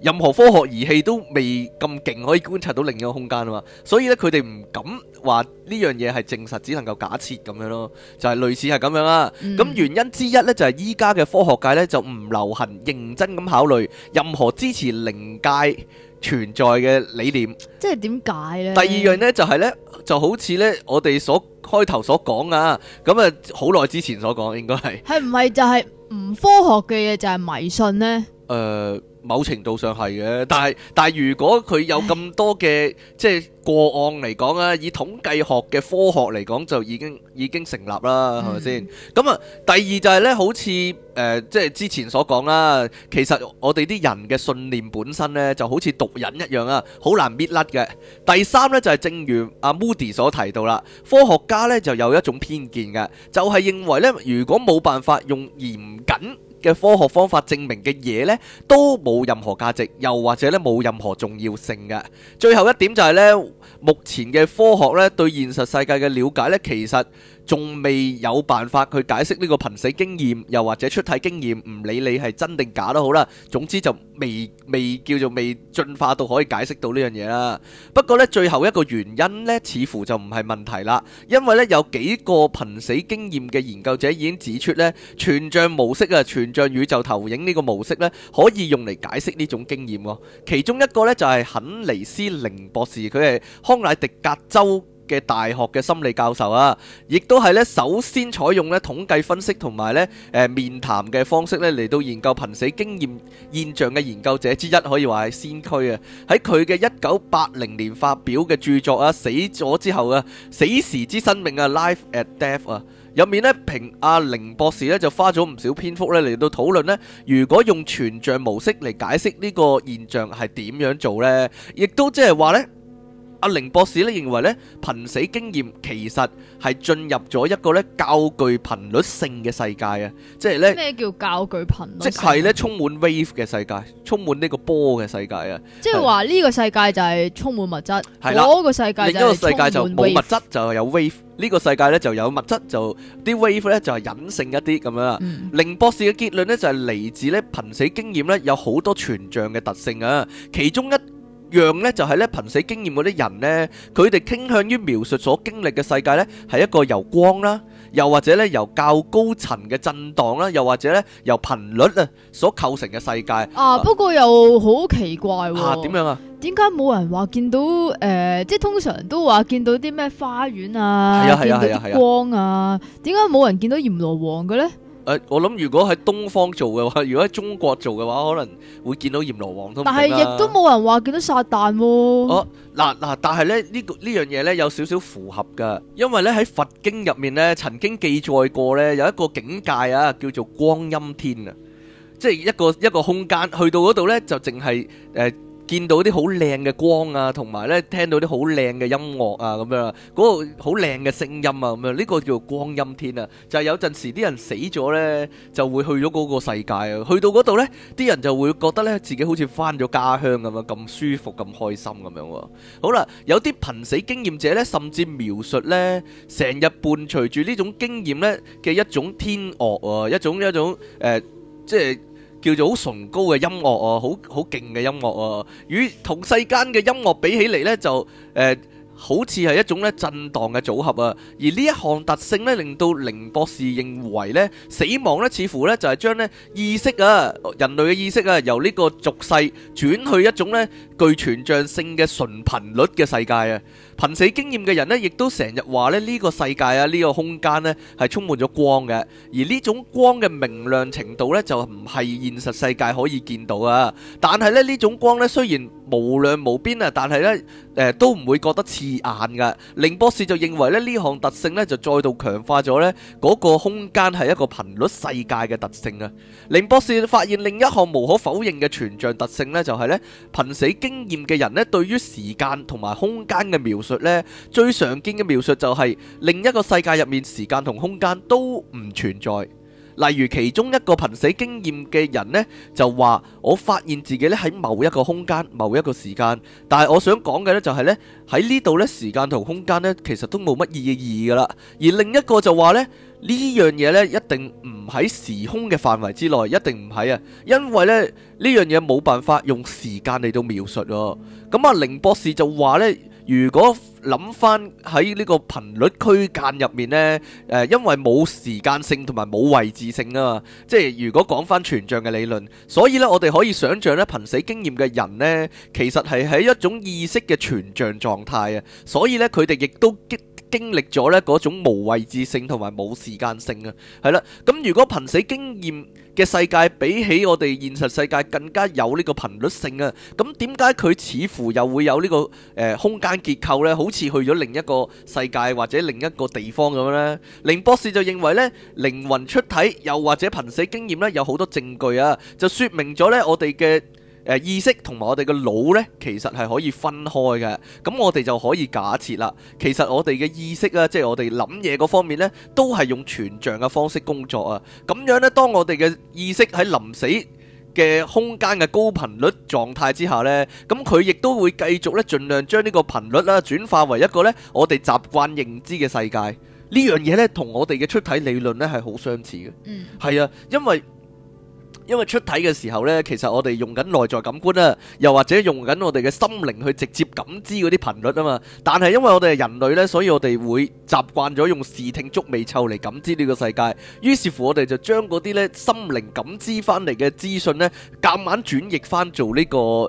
任何科學儀器都未咁勁，可以觀察到另一個空間啊嘛，所以呢佢哋唔敢話呢樣嘢係證實，只能夠假設咁樣咯，就係、是、類似係咁樣啦。咁、嗯、原因之一呢，就係依家嘅科學界呢，就唔流行認真咁考慮任何支持靈界存在嘅理念。即係點解呢？第二樣呢，就係、是、呢，就好似呢，我哋所開頭所講啊，咁啊好耐之前所講應該係係唔係就係唔科學嘅嘢就係迷信呢。誒。呃某程度上係嘅，但係但係如果佢有咁多嘅唉 即係個案嚟講啊，以統計學嘅科學嚟講就已經已經成立啦，係咪先？咁啊，第二就係、是、咧，好似誒、呃、即係之前所講啦，其實我哋啲人嘅信念本身咧就好似毒癮一樣啊，好難搣甩嘅。第三咧就係正如阿 Moody 所提到啦，科學家咧就有一種偏見嘅，就係、是、認為咧如果冇辦法用嚴謹嘅科學方法證明嘅嘢咧都。冇任何價值，又或者咧冇任何重要性嘅。最後一點就係呢，目前嘅科學呢，對現實世界嘅了解呢，其實。仲未有辦法去解釋呢個瀕死經驗，又或者出體經驗，唔理你係真定假都好啦。總之就未未叫做未進化到可以解釋到呢樣嘢啦。不過咧，最後一個原因咧，似乎就唔係問題啦。因為咧有幾個瀕死經驗嘅研究者已經指出咧，全像模式啊，全像宇宙投影呢個模式咧，可以用嚟解釋呢種經驗喎。其中一個咧就係肯尼斯寧博士，佢係康乃狄格州嘅大學嘅心理教授啊，亦都係咧首先採用咧統計分析同埋咧誒面談嘅方式咧嚟到研究瀕死經驗現象嘅研究者之一，可以話係先驅啊！喺佢嘅一九八零年發表嘅著作啊，死咗之後啊，死時之生命啊，Life at Death 啊，入面咧，平阿靈博士咧就花咗唔少篇幅咧嚟到討論咧，如果用全像模式嚟解釋呢個現象係點樣做咧，亦都即係話咧。阿、啊、凌博士咧認為咧，瀕死經驗其實係進入咗一個咧較具頻率性嘅世界啊！即係咧咩叫較具頻率？即係咧充滿 wave 嘅世界，充滿呢個波嘅世界啊！即係話呢個世界就係充滿物質，嗰的個世界就係充滿 wave。呢個世界咧就，就，就有物質，就啲 wave 咧就係隱性一啲咁樣啦。嗯、凌博士嘅結論咧就係、是、嚟自咧瀕死經驗咧有好多全像嘅特性啊，其中一樣咧就係咧，瀕死經驗嗰啲人咧，佢哋傾向於描述所經歷嘅世界咧，係一個由光啦，又或者咧由較高層嘅震蕩啦，又或者咧由頻率啊所構成嘅世界啊。啊不過又好奇怪喎、啊，點、啊、樣啊？點解冇人話見到誒？即、呃、係、就是、通常都話見到啲咩花園啊，啊見到光啊？點解冇人見到閻羅王嘅咧？誒、啊，我諗如果喺東方做嘅話，如果喺中國做嘅話，可能會見到閻羅王都唔定啦。但係亦都冇人話見到撒旦喎。哦，嗱嗱、啊啊啊，但係咧呢個呢樣嘢咧有少少符合噶，因為咧喺佛經入面咧曾經記載過咧有一個境界啊，叫做光陰天啊，即係一個一個空間，去到嗰度咧就淨係誒。呃見到啲好靚嘅光啊，同埋咧聽到啲好靚嘅音樂啊，咁樣啦，嗰個好靚嘅聲音啊，咁樣呢個叫光音天啊。就係、是、有陣時啲人死咗呢，就會去咗嗰個世界啊。去到嗰度呢，啲人就會覺得呢，自己好似返咗家鄉咁樣，咁舒服、咁開心咁樣。好啦，有啲瀕死經驗者呢，甚至描述呢，成日伴隨住呢種經驗呢嘅一種天樂啊，一種一種誒、呃，即係。叫做好崇高嘅音樂啊，好好勁嘅音樂啊。與同世間嘅音樂比起嚟呢，就誒。呃好似係一種咧震盪嘅組合啊，而呢一項特性咧，令到寧博士認為咧，死亡咧似乎咧就係將咧意識啊人類嘅意識啊由呢個俗世轉去一種咧具全像性嘅純頻率嘅世界啊。瀕死經驗嘅人咧，亦都成日話咧呢個世界啊，呢、呢個空間咧係充滿咗光嘅，而呢種光嘅明亮程度咧就唔係現實世界可以見到啊。但係咧呢種光咧雖然無量無邊啊！但係咧，誒、呃、都唔會覺得刺眼噶。寧博士就認為咧，呢項特性咧就再度強化咗咧嗰個空間係一個頻率世界嘅特性啊。寧博士發現另一項無可否認嘅全像特性咧，就係咧瀕死經驗嘅人咧，對於時間同埋空間嘅描述咧，最常見嘅描述就係另一個世界入面，時間同空間都唔存在。例如其中一個瀕死經驗嘅人呢，就話我發現自己咧喺某一個空間、某一個時間，但係我想講嘅呢，就係呢喺呢度咧，時間同空間呢，其實都冇乜意義噶啦。而另一個就話呢，呢樣嘢呢，一定唔喺時空嘅範圍之內，一定唔喺啊，因為咧呢樣嘢冇辦法用時間嚟到描述囉。咁、嗯、啊，凌博士就話呢，如果諗翻喺呢個頻率區間入面咧，誒，因為冇時間性同埋冇位置性啊嘛，即係如果講翻全像嘅理論，所以咧我哋可以想象咧，瀕死經驗嘅人咧，其實係喺一種意識嘅全像狀態啊，所以咧佢哋亦都激。經歷咗呢嗰種無位置性同埋冇時間性啊，係啦。咁如果瀕死經驗嘅世界比起我哋現實世界更加有呢個頻率性啊，咁點解佢似乎又會有呢個誒空間結構呢？好似去咗另一個世界或者另一個地方咁呢？寧博士就認為呢，靈魂出體又或者瀕死經驗呢，有好多證據啊，就説明咗呢我哋嘅。呃、意識同埋我哋嘅腦呢，其實係可以分開嘅。咁我哋就可以假設啦，其實我哋嘅意識啊，即係我哋諗嘢嗰方面呢，都係用全像嘅方式工作啊。咁樣呢，當我哋嘅意識喺臨死嘅空間嘅高頻率狀態之下呢，咁佢亦都會繼續呢，盡量將呢個頻率啦、啊、轉化為一個呢，我哋習慣認知嘅世界。呢樣嘢呢，同我哋嘅出體理論呢係好相似嘅。嗯，係啊，對 因為。因為出體嘅時候呢，其實我哋用緊內在感官啦，又或者用緊我哋嘅心靈去直接感知嗰啲頻率啊嘛。但係因為我哋係人類呢，所以我哋會習慣咗用視聽觸味嗅嚟感知呢個世界。於是乎，我哋就將嗰啲呢心靈感知翻嚟嘅資訊呢，夾硬轉譯翻做呢個誒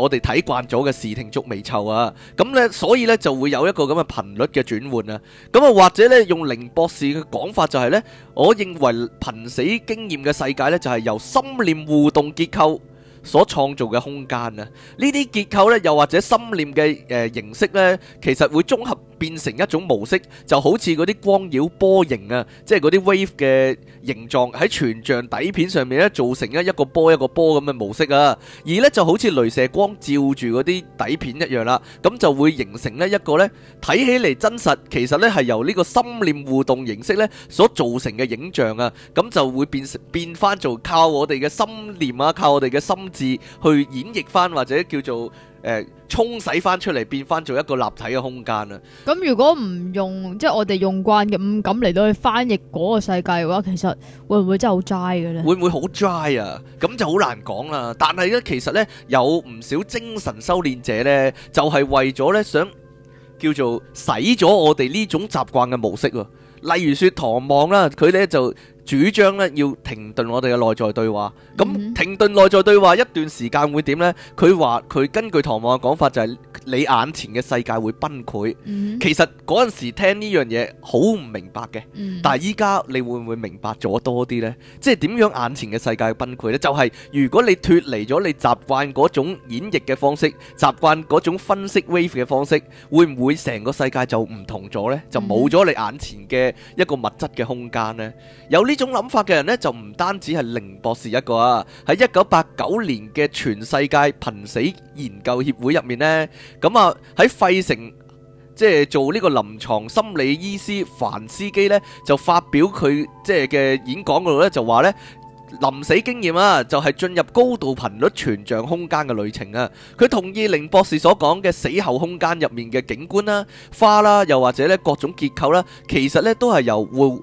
我哋睇慣咗嘅視聽觸味嗅啊。咁呢，所以呢就會有一個咁嘅頻率嘅轉換啊。咁啊，或者呢，用凌博士嘅講法就係呢。我認為瀕死經驗嘅世界呢，就係由心念互動結構所創造嘅空間啊，呢啲結構咧，又或者心念嘅誒形式咧，其實會綜合變成一種模式，就好似嗰啲光繞波形啊，即係嗰啲 wave 嘅形狀喺全像底片上面咧，造成一個一個波一個波咁嘅模式啊，而咧就好似鐳射光照住嗰啲底片一樣啦，咁就會形成咧一個咧睇起嚟真實，其實咧係由呢個心念互動形式咧所造成嘅影像啊，咁就會變成變返做靠我哋嘅心念啊，靠我哋嘅心。是去演譯翻或者叫做誒沖洗翻出嚟，變翻做一個立體嘅空間啦。咁如果唔用即係我哋用慣嘅五感嚟到去翻譯嗰個世界嘅話，其實會唔會真係好 dry 嘅咧？會唔會好 dry 啊？咁就好難講啦。但係咧，其實咧有唔少精神修煉者咧，就係爲咗咧想叫做使咗我哋呢種習慣嘅模式，例如說唐望啦，佢咧就。主張咧要停頓我哋嘅內在對話，咁停頓內在對話一段時間會點咧？佢話佢根據唐望嘅講法就係你眼前嘅世界會崩潰。嗯、其實陣時聽呢樣嘢好唔明白嘅，但係依家你會唔會明白咗多啲咧？即係點樣眼前嘅世界崩潰咧？就係、是、如果你脱離咗你習慣種演繹嘅方式，習慣種分析 wave 嘅方式，會唔會成個世界就唔同咗咧？就冇咗你眼前嘅一個物質嘅空間咧？有呢？呢種諗法嘅人咧，就唔單止係寧博士一個啊！喺一九八九年嘅全世界瀕死研究協會入面咧，咁啊喺費城即係做呢個臨床心理醫師樊斯基咧，就發表佢即係嘅演講嗰度咧，就話咧臨死經驗啊，就係進入高度頻率全像空間嘅旅程啊！佢同意寧博士所講嘅死後空間入面嘅景觀啦、花啦，又或者咧各種結構啦，其實咧都係由會。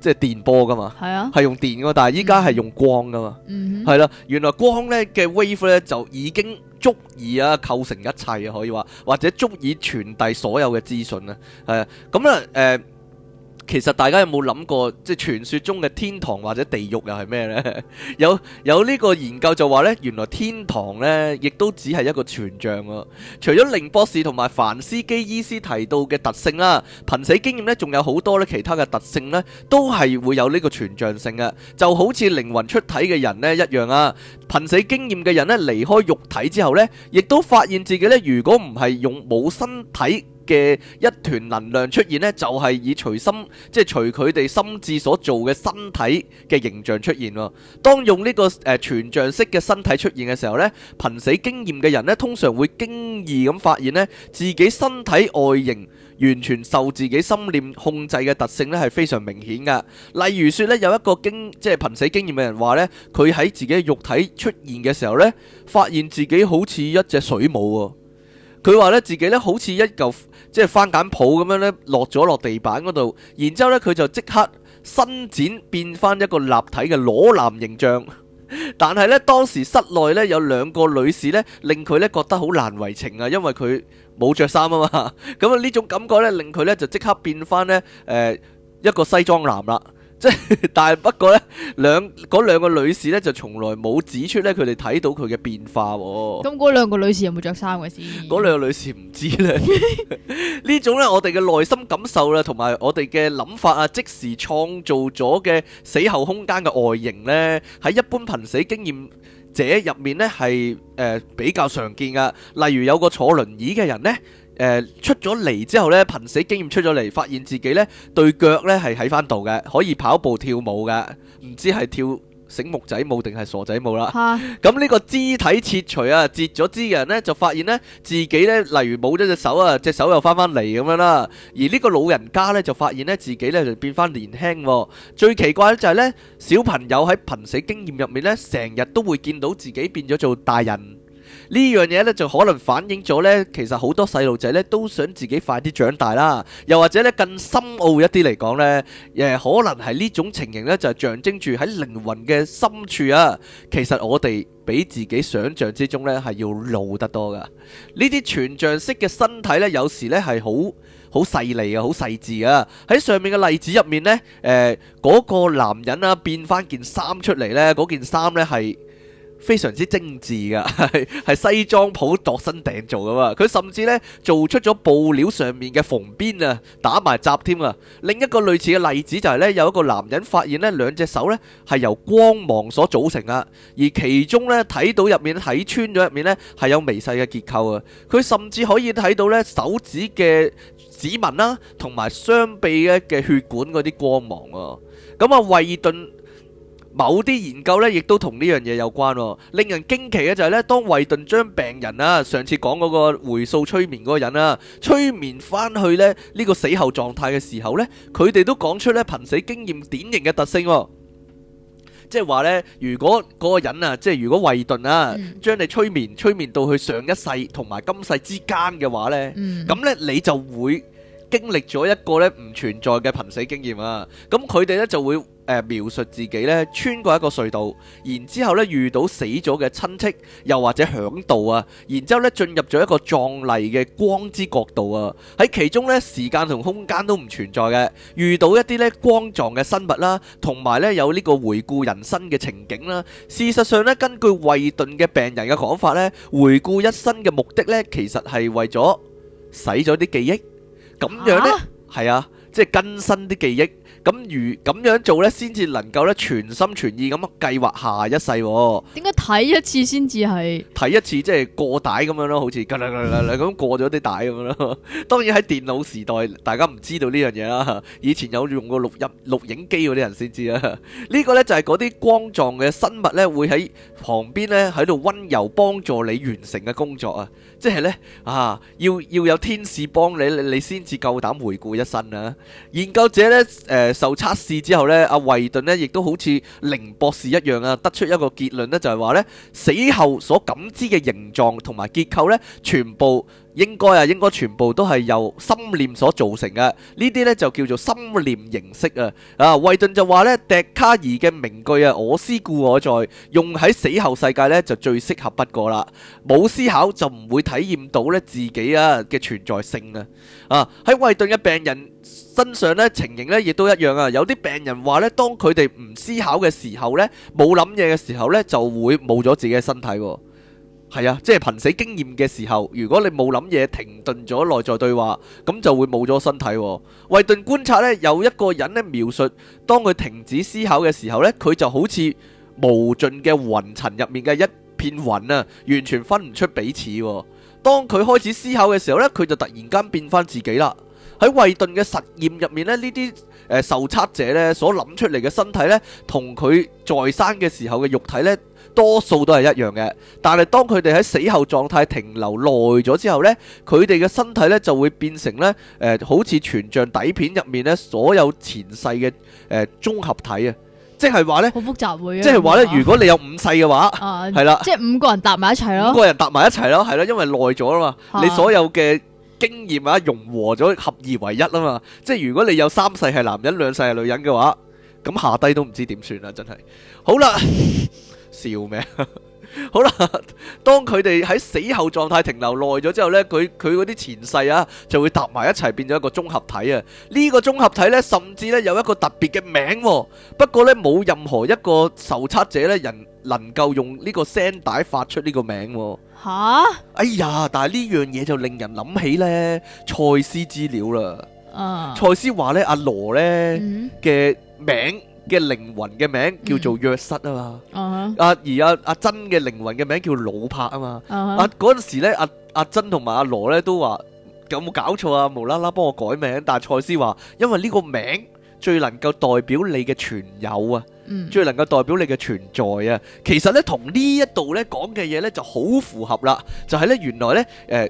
即係電波噶嘛，係啊，係用電噶嘛，但係依家係用光噶嘛，嗯，係啦，原來光咧嘅 wave 咧就已經足以啊構成一切啊，可以話或者足以傳遞所有嘅資訊咧，係咁咧誒。其實大家有冇諗過，即係傳說中嘅天堂或者地獄又係咩呢？ 有有呢個研究就話呢，原來天堂呢亦都只係一個全像啊！除咗靈博士同埋凡斯基醫師提到嘅特性啦，啊，瀕死經驗呢仲有好多呢其他嘅特性呢都係會有呢個全像性嘅。就好似靈魂出體嘅人呢一樣啊，瀕死經驗嘅人呢離開肉體之後呢，亦都發現自己呢如果唔係用冇身體。嘅一團能量出現呢，就係以隨心，即係隨佢哋心智所做嘅身體嘅形象出現咯。當用呢個誒全像式嘅身體出現嘅時候呢，瀕死經驗嘅人呢，通常會驚異咁發現呢，自己身體外形完全受自己心念控制嘅特性呢，係非常明顯㗎。例如説呢，有一個經，即係瀕死經驗嘅人話呢，佢喺自己肉體出現嘅時候呢，發現自己好似一隻水母喎。佢話咧自己咧好似一嚿即係番梘泡咁樣咧落咗落地板嗰度，然之後咧佢就即刻伸展變翻一個立體嘅裸男形象。但係咧當時室內咧有兩個女士咧令佢咧覺得好難為情啊，因為佢冇著衫啊嘛。咁啊呢種感覺咧令佢咧就即刻變翻咧誒一個西裝男啦。即係，但係不過咧，兩嗰兩個女士咧就從來冇指出咧，佢哋睇到佢嘅變化喎。咁嗰兩個女士有冇著衫嘅先？嗰兩個女士唔知咧。呢種咧，我哋嘅內心感受啦，同埋我哋嘅諗法啊，即時創造咗嘅死後空間嘅外形咧，喺一般瀕死經驗者入面咧係誒比較常見噶。例如有個坐輪椅嘅人咧。呃、出咗嚟之後呢，瀕死經驗出咗嚟，發現自己呢對腳呢係喺翻度嘅，可以跑步跳舞嘅，唔知係跳醒目仔舞定係傻仔舞啦。咁呢 個肢體切除啊，截咗肢嘅人呢，就發現呢自己呢，例如冇咗隻手啊，隻手又翻翻嚟咁樣啦。而呢個老人家呢，就發現呢自己呢，就變翻年輕、啊。最奇怪嘅就係呢，小朋友喺瀕死經驗入面呢，成日都會見到自己變咗做大人。呢樣嘢呢，就可能反映咗呢，其實好多細路仔呢，都想自己快啲長大啦，又或者呢，更深奧一啲嚟講呢，誒、呃、可能係呢種情形呢，就象徵住喺靈魂嘅深處啊。其實我哋比自己想象之中呢，係要老得多噶。呢啲全像式嘅身體呢，有時呢係好好細膩啊，好細緻啊。喺上面嘅例子入面呢，誒、呃、嗰、嗰個男人啊，變翻件衫出嚟呢，嗰件衫呢係非常之精緻噶，係 西裝鋪度身訂做噶嘛。佢甚至呢做出咗布料上面嘅縫邊啊，打埋雜添啊。另一個類似嘅例子就係、是、呢，有一個男人發現呢兩隻手呢係由光芒所組成啊，而其中呢睇到入面睇穿咗入面呢係有微細嘅結構啊。佢甚至可以睇到呢手指嘅指紋啦、啊，同埋雙臂嘅血管嗰啲光芒啊。咁啊，惠頓。某啲研究咧，亦都同呢樣嘢有關喎。令人驚奇嘅就係咧，當惠頓將病人啊，上次講嗰個回溯催眠嗰個人啊，催眠翻去咧呢個死後狀態嘅時候咧，佢哋都講出咧瀕死經驗典型嘅特性喎。即係話咧，如果嗰個人啊，即係如果惠頓啊，將你催眠，催眠到去上一世同埋今世之間嘅話咧，咁咧你就會經歷咗一個咧唔存在嘅瀕死經驗啊。咁佢哋咧就會。誒，描述自己呢穿過一個隧道，然之後呢遇到死咗嘅親戚，又或者響度啊，然之後呢進入咗一個壯麗嘅光之國度啊，喺其中呢時間同空間都唔存在嘅，遇到一啲呢光狀嘅生物啦，同埋呢有呢個回顧人生嘅情景啦。事實上呢，根據衛頓嘅病人嘅講法呢，回顧一生嘅目的呢，其實係為咗洗咗啲記憶，咁樣呢係啊。即係更新啲記憶，咁如咁樣做咧，先至能夠咧全心全意咁樣計劃下一世。點解睇一次先至係睇一次？即係過帶咁樣咯，好似嗱嗱嗱嗱咁過咗啲帶咁咯。當然喺電腦時代，大家唔知道呢樣嘢啦。以前有用過錄音錄影機嗰啲人先知啊。呢個咧就係嗰啲光狀嘅生物咧，會喺旁邊咧喺度溫柔幫助你完成嘅工作啊！即係咧啊，要要有天使幫你，你先至夠膽回顧一生啊！研究者咧，誒受測試之後呢阿衛頓呢亦都好似寧博士一樣啊，得出一個結論呢就係話呢，死後所感知嘅形狀同埋結構呢，全部應該啊，應該全部都係由心念所造成嘅，呢啲呢就叫做心念形式啊。啊，衛頓就話呢，笛卡爾嘅名句啊，我思故我在，用喺死後世界呢就最適合不過啦。冇思考就唔會體驗到呢自己啊嘅存在性啊。啊，喺衛頓嘅病人。身上呢情形呢亦都一樣啊！有啲病人話呢，當佢哋唔思考嘅時候呢，冇諗嘢嘅時候呢，就會冇咗自己嘅身體喎。係啊，即係瀕死經驗嘅時候，如果你冇諗嘢，停頓咗內在對話，咁就會冇咗身體。韋頓觀察呢，有一個人呢描述，當佢停止思考嘅時候呢，佢就好似無盡嘅雲層入面嘅一片雲啊，完全分唔出彼此。當佢開始思考嘅時候呢，佢就突然間變翻自己啦。喺惠頓嘅實驗入面咧，呢啲誒受測者咧所諗出嚟嘅身體咧，同佢在生嘅時候嘅肉體咧，多數都係一樣嘅。但係當佢哋喺死後狀態停留耐咗之後咧，佢哋嘅身體咧就會變成咧誒、呃，好似全像底片入面咧所有前世嘅誒綜合體、就是、啊，即係話咧，好複雜會，即係話咧，如果你有五世嘅話，係啦、啊，了即係五個人搭埋一齊咯，五個人搭埋一齊咯，係啦，因為耐咗啊嘛，你所有嘅。經驗啊，融合咗，合二為一啊嘛！即係如果你有三世係男人，兩世係女人嘅話，咁下低都唔知點算啦，真係。好啦，笑咩？好啦，當佢哋喺死後狀態停留耐咗之後咧，佢佢嗰啲前世啊就會搭埋一齊，變咗一個綜合體啊！呢個綜合體咧，甚至咧有一個特別嘅名喎。不過咧，冇任何一個受測者咧人能夠用呢個聲帶發出呢個名喎。吓！ 哎呀，但係呢樣嘢就令人諗起咧，uh. 賽斯資料啦。嗯、mm，賽斯話咧阿羅咧嘅名嘅靈魂嘅名叫做約瑟」mm hmm. 啊嘛。啊，而阿阿珍嘅靈魂嘅名叫魯柏嘛、uh huh. 啊嘛。啊，嗰陣時咧阿阿珍同埋阿羅咧都話有冇搞錯啊？無啦啦幫我改名，但係賽斯話因為呢個名。最能夠代表你嘅存有啊，嗯、最能夠代表你嘅存在啊，其實呢，同呢一度呢講嘅嘢呢就好符合啦，就係、是、呢，原來呢，誒、呃、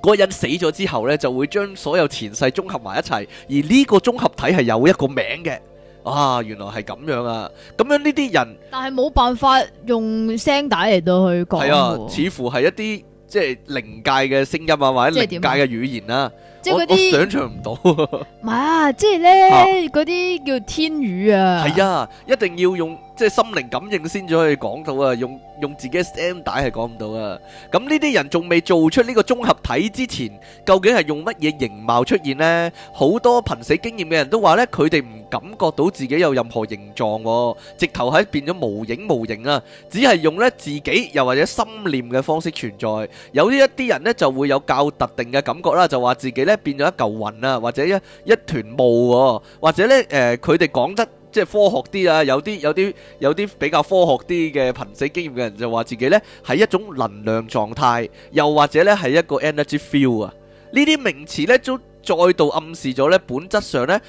嗰人死咗之後呢，就會將所有前世綜合埋一齊，而呢個綜合體係有一個名嘅，啊原來係咁樣啊，咁樣呢啲人，但係冇辦法用聲帶嚟到去講，係啊，啊，似乎係一啲。即係靈界嘅聲音啊，或者靈界嘅語言啊，即係嗰啲想象唔到。唔係啊，即係咧嗰啲叫天語啊。係啊，一定要用。即係心靈感應先至可以講到啊！用用自己嘅聲帶係講唔到啊！咁呢啲人仲未做出呢個綜合體之前，究竟係用乜嘢形貌出現咧？好多瀕死經驗嘅人都話咧，佢哋唔感覺到自己有任何形狀，直頭係變咗無影無形啦，只係用咧自己又或者心念嘅方式存在。有呢一啲人咧就會有較特定嘅感覺啦，就話自己咧變咗一嚿雲啊，或者一一團霧，或者咧誒佢哋講得。即係科學啲啊，有啲有啲有啲比較科學啲嘅瀕死經驗嘅人就話自己呢係一種能量狀態，又或者呢係一個 energy feel 啊，呢啲名詞呢都再度暗示咗呢，本質上呢。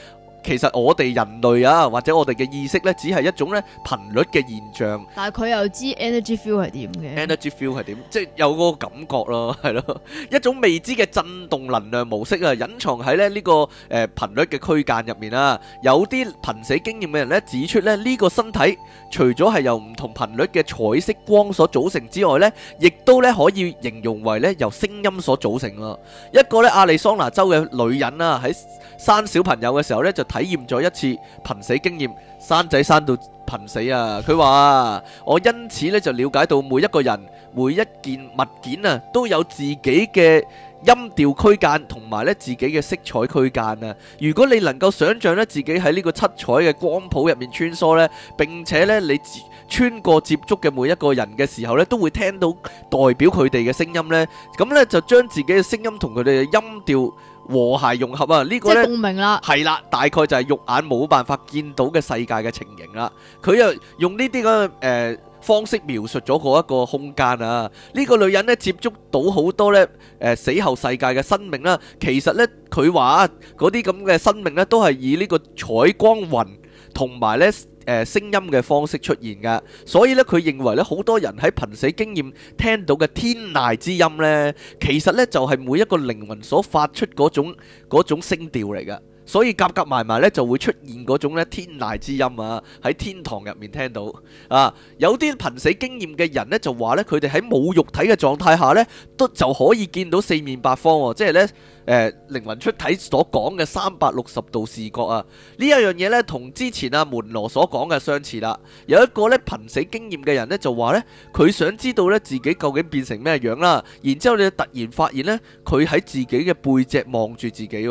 其實我哋人類啊，或者我哋嘅意識咧，只係一種咧頻率嘅現象。但係佢又知 energy feel 係點嘅？energy feel 係點？即係有嗰個感覺咯，係咯，一種未知嘅震動能量模式啊，隱藏喺咧呢個誒頻率嘅區間入面啦。有啲瀕死經驗嘅人咧，指出咧呢個身體除咗係由唔同頻率嘅彩色光所組成之外咧，亦都咧可以形容為咧由聲音所組成咯。一個咧亞利桑那州嘅女人啊，喺生小朋友嘅時候咧就。體驗咗一次瀕死經驗，生仔生到瀕死啊！佢話：我因此咧就瞭解到每一個人、每一件物件啊，都有自己嘅音調區間同埋咧自己嘅色彩區間啊。如果你能夠想像咧自己喺呢個七彩嘅光譜入面穿梭咧，並且咧你穿過接觸嘅每一個人嘅時候咧，都會聽到代表佢哋嘅聲音咧，咁咧就將自己嘅聲音同佢哋嘅音調。和諧融合啊！這個、呢個咧係啦，大概就係肉眼冇辦法見到嘅世界嘅情形啦。佢又用呢啲咁嘅誒方式描述咗嗰一個空間啊。呢、呢個女人呢，接觸到好多呢誒、呃、死後世界嘅生命啦、啊。其實呢，佢話嗰啲咁嘅生命呢，都係以呢個彩光雲。同埋咧，誒聲音嘅方式出現噶，所以咧佢認為咧，好多人喺瀕死經驗聽到嘅天籟之音咧，其實咧就係每一個靈魂所發出嗰種嗰種聲調嚟噶。所以夾夾埋埋咧就會出現嗰種咧天籟之音啊，喺天堂入面聽到啊，有啲瀕死經驗嘅人呢，就話呢，佢哋喺冇肉體嘅狀態下呢，都就可以見到四面八方喎，即係呢誒靈魂出體所講嘅三百六十度視覺啊，呢一樣嘢呢，同之前阿門羅所講嘅相似啦。有一個呢瀕死經驗嘅人呢，就話呢，佢想知道呢，自己究竟變成咩樣啦，然之後你突然發現呢，佢喺自己嘅背脊望住自己。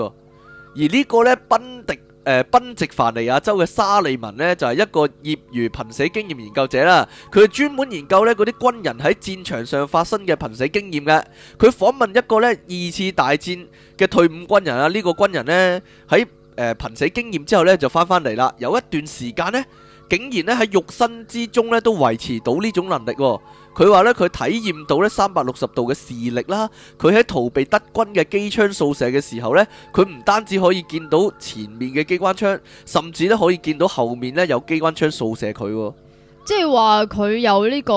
而呢個咧，賓迪誒、呃、賓夕凡尼亞州嘅沙利文呢，就係、是、一個業餘瀕死經驗研究者啦。佢專門研究呢嗰啲軍人喺戰場上發生嘅瀕死經驗嘅。佢訪問一個呢二次大戰嘅退伍軍人啊，呢、這個軍人呢，喺、呃、誒瀕死經驗之後呢，就返返嚟啦，有一段時間呢。竟然咧喺肉身之中咧都維持到呢種能力，佢話咧佢體驗到咧三百六十度嘅視力啦。佢喺逃避德軍嘅機槍掃射嘅時候咧，佢唔單止可以見到前面嘅機關槍，甚至咧可以見到後面咧有機關槍掃射佢。即係話佢有呢個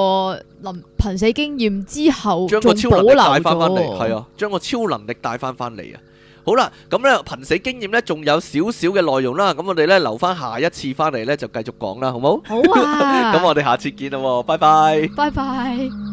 臨瀕死經驗之後，將個超能力帶翻翻嚟，係、嗯、啊，將個超能力帶翻翻嚟啊！好啦，咁咧，憑死經驗咧，仲有少少嘅內容啦，咁我哋咧留翻下一次翻嚟咧就繼續講啦，好唔好？好啊！咁 我哋下次見啦，喎，拜拜。拜拜。